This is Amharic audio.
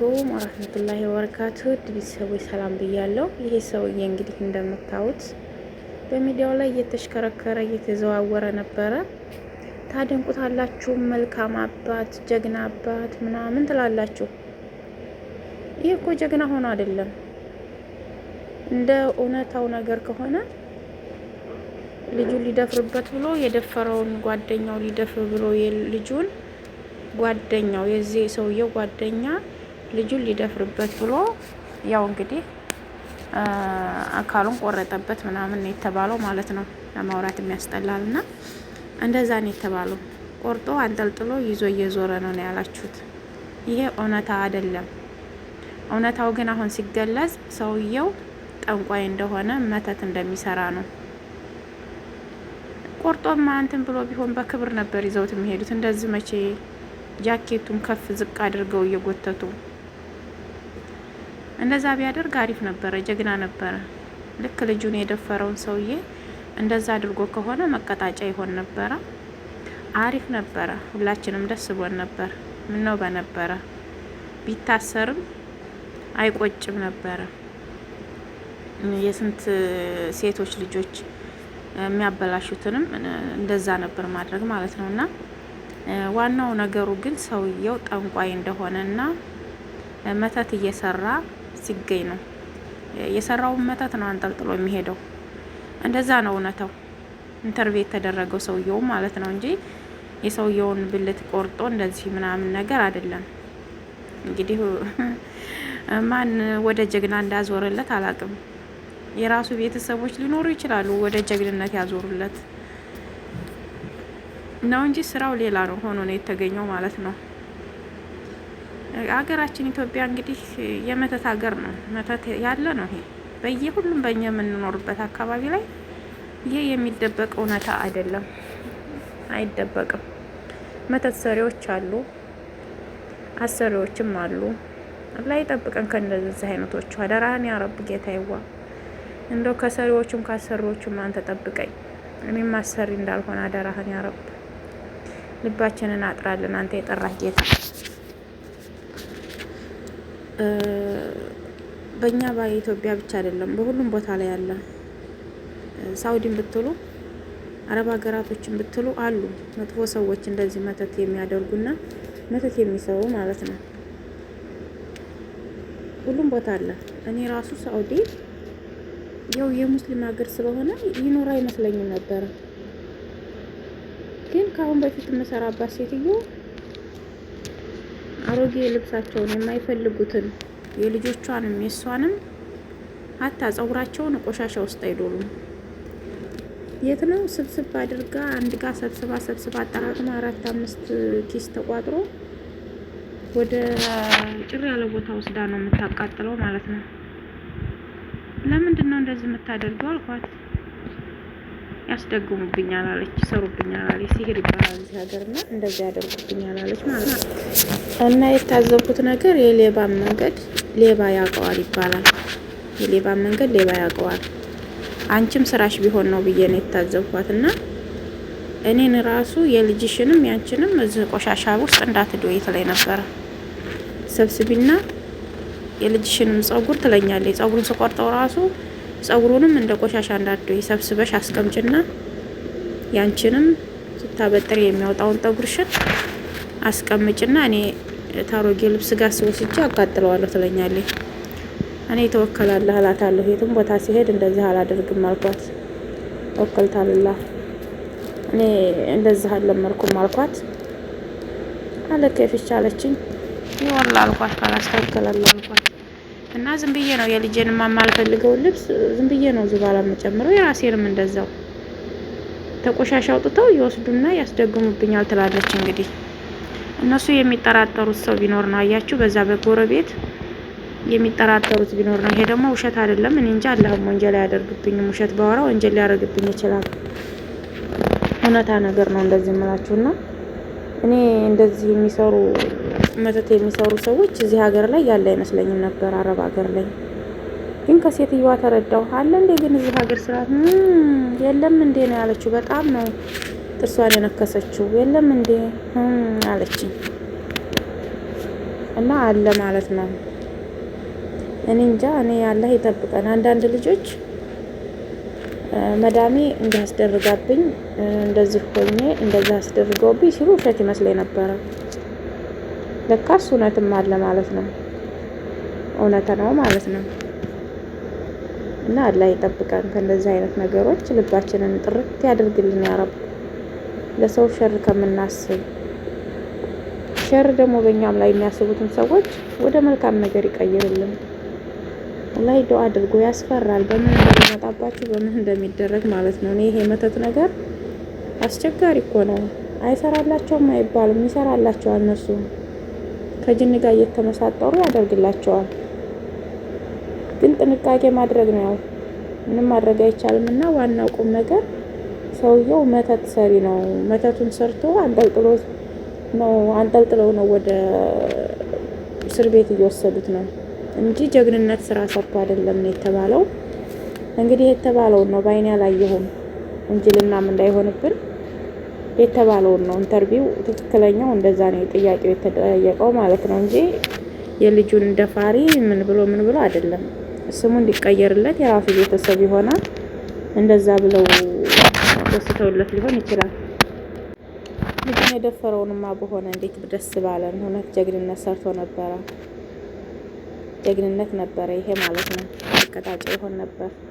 አለይኩም ወረህመቱላሂ ወበረካቱ ቤተሰቦች ሰላም ብያለሁ። ይሄ ሰውዬ እንግዲህ እንደምታዩት በሚዲያው ላይ እየተሽከረከረ እየተዘዋወረ ነበረ። ታደንቁታላችሁ። መልካም አባት፣ ጀግና አባት ምናምን ትላላችሁ። ይህ እኮ ጀግና ሆኖ አይደለም። እንደ እውነታው ነገር ከሆነ ልጁን ሊደፍርበት ብሎ የደፈረውን ጓደኛው ሊደፍር ብሎ ልጁን ጓደኛው የዚህ ሰውየው ጓደኛ ልጁን ሊደፍርበት ብሎ ያው እንግዲህ አካሉን ቆረጠበት ምናምን ነው የተባለው ማለት ነው። ለማውራት የሚያስጠላል እና እንደዛ ነው የተባለው። ቆርጦ አንጠልጥሎ ይዞ እየዞረ ነው ነው ያላችሁት። ይሄ እውነታ አይደለም። እውነታው ግን አሁን ሲገለጽ ሰውየው ጠንቋይ እንደሆነ መተት እንደሚሰራ ነው። ቆርጦማ እንትን ብሎ ቢሆን በክብር ነበር ይዘውት የሚሄዱት። እንደዚህ መቼ ጃኬቱን ከፍ ዝቅ አድርገው እየጎተቱ እንደዛ ቢያደርግ አሪፍ ነበረ፣ ጀግና ነበረ። ልክ ልጁን የደፈረውን ሰውዬ እንደዛ አድርጎ ከሆነ መቀጣጫ ይሆን ነበረ፣ አሪፍ ነበረ። ሁላችንም ደስ ቦን ነበር። ምነው በነበረ ቢታሰርም አይቆጭም ነበረ። የስንት ሴቶች ልጆች የሚያበላሹትንም እንደዛ ነበር ማድረግ ማለት ነው። እና ዋናው ነገሩ ግን ሰውየው ጠንቋይ እንደሆነ እና መተት እየሰራ ሲገኝ ነው። የሰራውን መተት ነው አንጠልጥሎ የሚሄደው። እንደዛ ነው እውነተው ኢንተርቪው የተደረገው ሰውየው ማለት ነው እንጂ የሰውየውን ብልት ቆርጦ እንደዚህ ምናምን ነገር አይደለም። እንግዲህ ማን ወደ ጀግና እንዳዞረለት አላቅም። የራሱ ቤተሰቦች ሊኖሩ ይችላሉ ወደ ጀግንነት ያዞሩለት ነው እንጂ ስራው ሌላ ነው ሆኖ ነው የተገኘው ማለት ነው። አገራችን ኢትዮጵያ እንግዲህ የመተት ሀገር ነው። መተት ያለ ነው። ይሄ በየሁሉም በእኛ የምንኖርበት አካባቢ ላይ ይሄ የሚደበቅ እውነታ አይደለም፣ አይደበቅም። መተት ሰሪዎች አሉ፣ አሰሪዎችም አሉ። አላህ ይጠብቀን ከእንደዚህ አይነቶቹ። አደራህን ያረብ ጌታ ይዋ እንደው ከሰሪዎቹም ካሰሪዎቹም አንተ ጠብቀኝ፣ እኔም አሰሪ እንዳልሆነ አደራህን ያረብ። ልባችንን አጥራልን አንተ የጠራህ ጌታ በእኛ በኢትዮጵያ ብቻ አይደለም፣ በሁሉም ቦታ ላይ አለ። ሳውዲን ብትሉ አረብ ሀገራቶችን ብትሉ አሉ መጥፎ ሰዎች እንደዚህ መተት የሚያደርጉና መተት የሚሰሩ ማለት ነው። ሁሉም ቦታ አለ። እኔ ራሱ ሳውዲ ያው የሙስሊም ሀገር ስለሆነ ይኖር አይመስለኝም ነበረ። ግን ከአሁን በፊት የምሰራባት ሴትዮ አሮጌ ልብሳቸውን የማይፈልጉትን የልጆቿንም የእሷንም ሀታ ጸጉራቸውን ቆሻሻ ውስጥ አይዶሉም። የት ነው ስብስብ አድርጋ አንድ ጋ ሰብስባ ሰብስባ አጠራቅማ አራት አምስት ኪስ ተቋጥሮ ወደ ጭር ያለ ቦታ ወስዳ ነው የምታቃጥለው ማለት ነው። ለምንድን ነው እንደዚህ የምታደርገው አልኳት። ያስደግሙብኛል አለች፣ ይሰሩብኛል አለች። ሲሄድ ይባላል እዚህ ሀገር እና እንደዚህ ያደርጉብኛል አለች ማለት ነው። እና የታዘብኩት ነገር የሌባ መንገድ ሌባ ያውቀዋል ይባላል። የሌባ መንገድ ሌባ ያውቀዋል። አንቺም ስራሽ ቢሆን ነው ብዬ ነው የታዘብኳት። እና እኔን ራሱ የልጅሽንም ያንቺንም እዚህ ቆሻሻ ውስጥ እንዳትዶይ ትለኝ ነበረ ሰብስቢና የልጅሽንም ጸጉር ትለኛለች። ጸጉሩን ስቆርጠው ራሱ ጸጉሩንም እንደ ቆሻሻ እንዳዶ ሰብስበሽ አስቀምጭና ያንቺንም ስታበጥር የሚያወጣውን ጠጉርሽን አስቀምጭና እኔ ታሮጌ ልብስ ጋር ስወስጄ አቃጥለዋለሁ ትለኛለች። እኔ ተወከላለህ እላታለሁ። የትም ቦታ ሲሄድ እንደዚህ አላደርግም አልኳት። ወከልታልላ እኔ እንደዚህ አልለመድኩም አልኳት። አለከፍቻ አለችኝ። ይወላ አልኳት ካላስተወከላለሁ እና ዝም ብዬ ነው የልጄን የማልፈልገውን ልብስ ዝም ብዬ ነው ዝባላ የምጨምረው። የራሴንም እንደዛው ተቆሻሻ አውጥተው ይወስዱና ያስደግሙብኛል ትላለች። እንግዲህ እነሱ የሚጠራጠሩት ሰው ቢኖር ነው አያችሁ፣ በዛ በጎረቤት የሚጠራጠሩት ቢኖር ነው። ይሄ ደግሞ ውሸት አይደለም። እኔ እንጂ አላህም ወንጀል አያደርግብኝም። ውሸት ባወራ ወንጀል ሊያደርግብኝ ይችላል። እውነታ ነገር ነው እንደዚህ የምላችሁና እኔ እንደዚህ የሚሰሩ መተት የሚሰሩ ሰዎች እዚህ ሀገር ላይ ያለ አይመስለኝም ነበር፣ አረብ ሀገር ላይ ግን ከሴትዮዋ ተረዳው። አለ እንዴ ግን እዚህ ሀገር ስራ የለም እንዴ ነው ያለችው። በጣም ነው ጥርሷን የነከሰችው። የለም እንዴ አለች እና አለ ማለት ነው። እኔ እንጃ እኔ አላህ ይጠብቀን። አንዳንድ ልጆች መዳሜ እንዲያስደርጋብኝ እንደዚህ ሆኜ እንደዚህ አስደርገውብኝ ሲሉ ውሸት ይመስለኝ ነበረ። ለካስ እውነትም አለ ማለት ነው። እውነት ነው ማለት ነው። እና አላህ ይጠብቀን ከእንደዚህ አይነት ነገሮች፣ ልባችንን ጥርት ያደርግልን ያረብ። ለሰው ሸር ከምናስብ ሸር ደግሞ በእኛም ላይ የሚያስቡትን ሰዎች ወደ መልካም ነገር ይቀይርልን። ላይ ዶ አድርጎ ያስፈራል፣ በምን እንደሚመጣባችሁ በምን እንደሚደረግ ማለት ነው። እኔ ይሄ መተት ነገር አስቸጋሪ እኮ ነው። አይሰራላቸውም አይባልም፣ ይሰራላቸዋል እነሱ ከጅን ጋር እየተመሳጠሩ ያደርግላቸዋል። ግን ጥንቃቄ ማድረግ ነው። ያው ምንም ማድረግ አይቻልም እና ዋናው ቁም ነገር ሰውየው መተት ሰሪ ነው። መተቱን ሰርቶ አንጠልጥሎ ነው አንጠልጥለው ነው ወደ እስር ቤት እየወሰዱት ነው እንጂ ጀግንነት ስራ ሰርቶ አይደለም ነው የተባለው። እንግዲህ የተባለውን ነው በአይኔ አላየሁም እንጂ ልናም እንዳይሆንብን የተባለውን ነው ኢንተርቪው ትክክለኛው እንደዛ ነው ጥያቄው የተጠየቀው ማለት ነው እንጂ የልጁን እንደፋሪ ምን ብሎ ምን ብሎ አይደለም። ስሙ እንዲቀየርለት የራሱ ቤተሰብ ይሆናል እንደዛ ብለው ደስተውለት ሊሆን ይችላል። ልጁን የደፈረውንማ በሆነ እንዴት ደስ ባለን። እውነት ጀግንነት ሰርቶ ነበረ። ጀግንነት ነበረ ይሄ ማለት ነው። መቀጣጫ ይሆን ነበር።